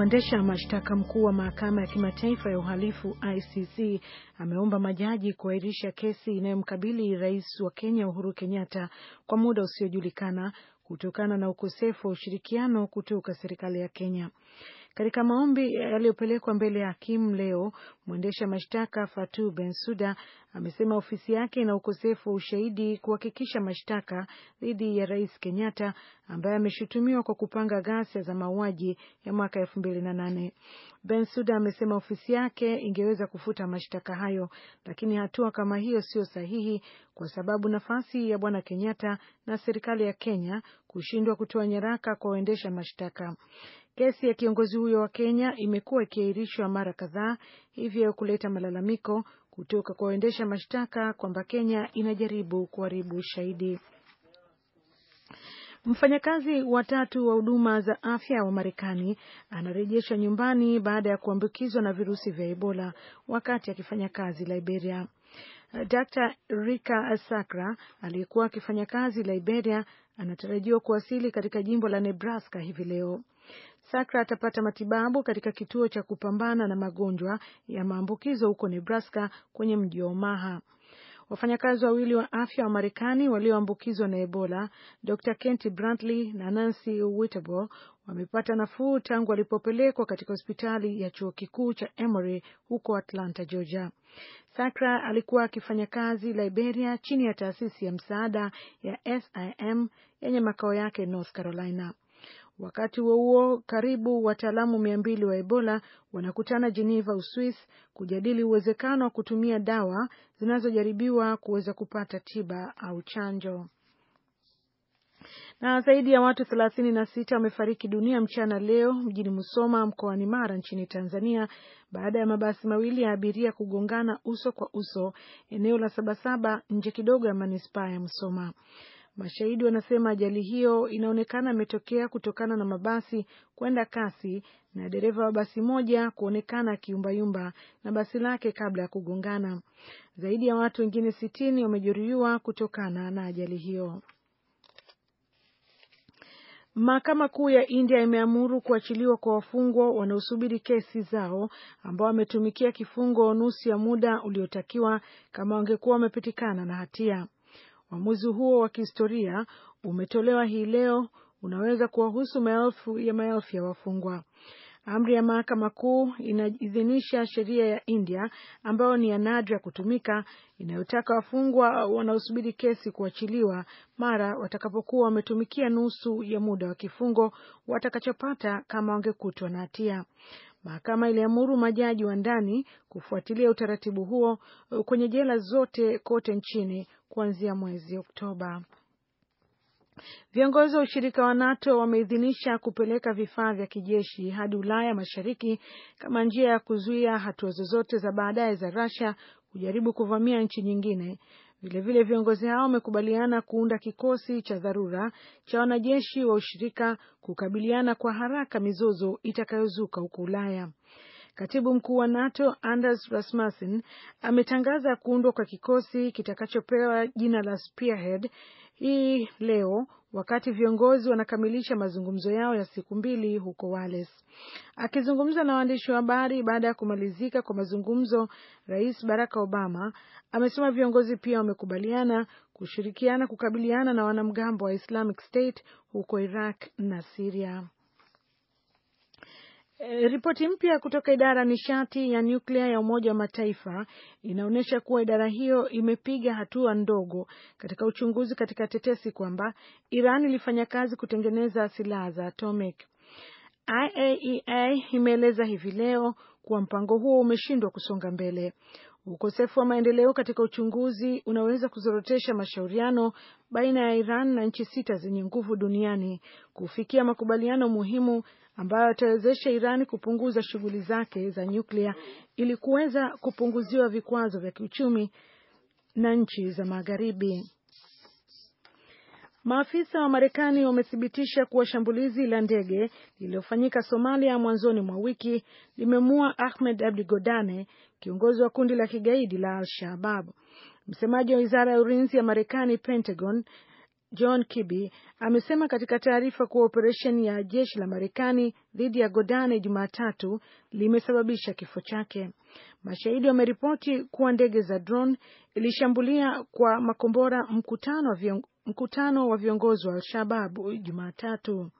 Mwendesha mashtaka mkuu wa mahakama ya kimataifa ya uhalifu ICC ameomba majaji kuahirisha kesi inayomkabili rais wa Kenya Uhuru Kenyatta kwa muda usiojulikana kutokana na ukosefu wa ushirikiano kutoka serikali ya Kenya. Katika maombi yaliyopelekwa mbele ya hakimu leo, mwendesha mashtaka Fatu Bensuda amesema ofisi yake ina ukosefu wa ushahidi kuhakikisha mashtaka dhidi ya Rais Kenyatta ambaye ameshutumiwa kwa kupanga ghasia za mauaji ya mwaka elfu mbili na nane. Bensuda amesema ofisi yake ingeweza kufuta mashtaka hayo, lakini hatua kama hiyo sio sahihi kwa sababu nafasi ya Bwana Kenyatta na serikali ya Kenya kushindwa kutoa nyaraka kwa waendesha mashtaka. Kesi ya kiongozi huyo wa Kenya imekuwa ikiahirishwa mara kadhaa, hivyo kuleta malalamiko kutoka kwa waendesha mashtaka kwamba Kenya inajaribu kuharibu ushahidi. Mfanyakazi watatu wa huduma za afya wa Marekani anarejeshwa nyumbani baada ya kuambukizwa na virusi vya Ebola wakati akifanya kazi Liberia. Dr. Rika Asakra aliyekuwa akifanya kazi Liberia anatarajiwa kuwasili katika jimbo la Nebraska hivi leo. Sakra atapata matibabu katika kituo cha kupambana na magonjwa ya maambukizo huko Nebraska kwenye mji wa Omaha. Wafanyakazi wawili wa afya wa Marekani walioambukizwa na Ebola, Dr Kent Brantley na Nancy Wittable, wamepata nafuu tangu walipopelekwa katika hospitali ya chuo kikuu cha Emory huko Atlanta, Georgia. Sakra alikuwa akifanya kazi Liberia chini ya taasisi ya msaada ya SIM yenye makao yake North Carolina. Wakati huo huo, karibu wataalamu mia mbili wa Ebola wanakutana Geneva, Uswisi kujadili uwezekano wa kutumia dawa zinazojaribiwa kuweza kupata tiba au chanjo. Na zaidi ya watu thelathini na sita wamefariki dunia mchana leo mjini Musoma mkoani Mara nchini Tanzania baada ya mabasi mawili ya abiria kugongana uso kwa uso eneo la Sabasaba nje kidogo ya manispaa ya Musoma. Mashahidi wanasema ajali hiyo inaonekana imetokea kutokana na mabasi kwenda kasi na dereva wa basi moja kuonekana akiumbayumba na basi lake kabla ya kugongana. Zaidi ya watu wengine sitini wamejeruhiwa kutokana na ajali hiyo. Mahakama Kuu ya India imeamuru kuachiliwa kwa wafungwa wanaosubiri kesi zao ambao wametumikia kifungo nusu ya muda uliotakiwa kama wangekuwa wamepatikana na hatia. Uamuzi huo wa kihistoria umetolewa hii leo unaweza kuwahusu maelfu ya maelfu ya wafungwa. Amri ya mahakama kuu inaidhinisha sheria ya India ambayo ni ya nadra kutumika inayotaka wafungwa wanaosubiri kesi kuachiliwa mara watakapokuwa wametumikia nusu ya muda wa kifungo watakachopata kama wangekutwa na hatia. Mahakama iliamuru majaji wa ndani kufuatilia utaratibu huo uh, kwenye jela zote kote nchini kuanzia mwezi Oktoba. Viongozi wa ushirika wa NATO wameidhinisha kupeleka vifaa vya kijeshi hadi Ulaya Mashariki kama njia ya kuzuia hatua zozote za baadaye za Russia kujaribu kuvamia nchi nyingine Vilevile viongozi hao wamekubaliana kuunda kikosi cha dharura cha wanajeshi wa ushirika kukabiliana kwa haraka mizozo itakayozuka huko Ulaya. Katibu mkuu wa NATO Anders Rasmussen ametangaza kuundwa kwa kikosi kitakachopewa jina la Spearhead hii leo wakati viongozi wanakamilisha mazungumzo yao ya siku mbili huko Wales. Akizungumza na waandishi wa habari baada ya kumalizika kwa mazungumzo, Rais Barack Obama amesema viongozi pia wamekubaliana kushirikiana kukabiliana na wanamgambo wa Islamic State huko Iraq na siria Eh, ripoti mpya kutoka idara nishati ya nyuklia ya Umoja wa Mataifa inaonyesha kuwa idara hiyo imepiga hatua ndogo katika uchunguzi katika tetesi kwamba Iran ilifanya kazi kutengeneza silaha za atomic. IAEA e imeeleza hivi leo kuwa mpango huo umeshindwa kusonga mbele. Ukosefu wa maendeleo katika uchunguzi unaweza kuzorotesha mashauriano baina ya Iran na nchi sita zenye nguvu duniani kufikia makubaliano muhimu ambayo yatawezesha Iran kupunguza shughuli zake za nyuklia ili kuweza kupunguziwa vikwazo vya kiuchumi na nchi za Magharibi. Maafisa wa Marekani wamethibitisha kuwa shambulizi la ndege lililofanyika Somalia mwanzoni mwa wiki limemua Ahmed Abdi Godane, kiongozi wa kundi la kigaidi la al shabab Msemaji wa wizara ya ulinzi ya Marekani, Pentagon, John Kirby amesema katika taarifa kuwa operesheni ya jeshi la Marekani dhidi ya Godane Jumatatu limesababisha kifo chake. Mashahidi wameripoti kuwa ndege za drone ilishambulia kwa makombora mkutano wa mkutano wa viongozi wa al shababu Jumatatu.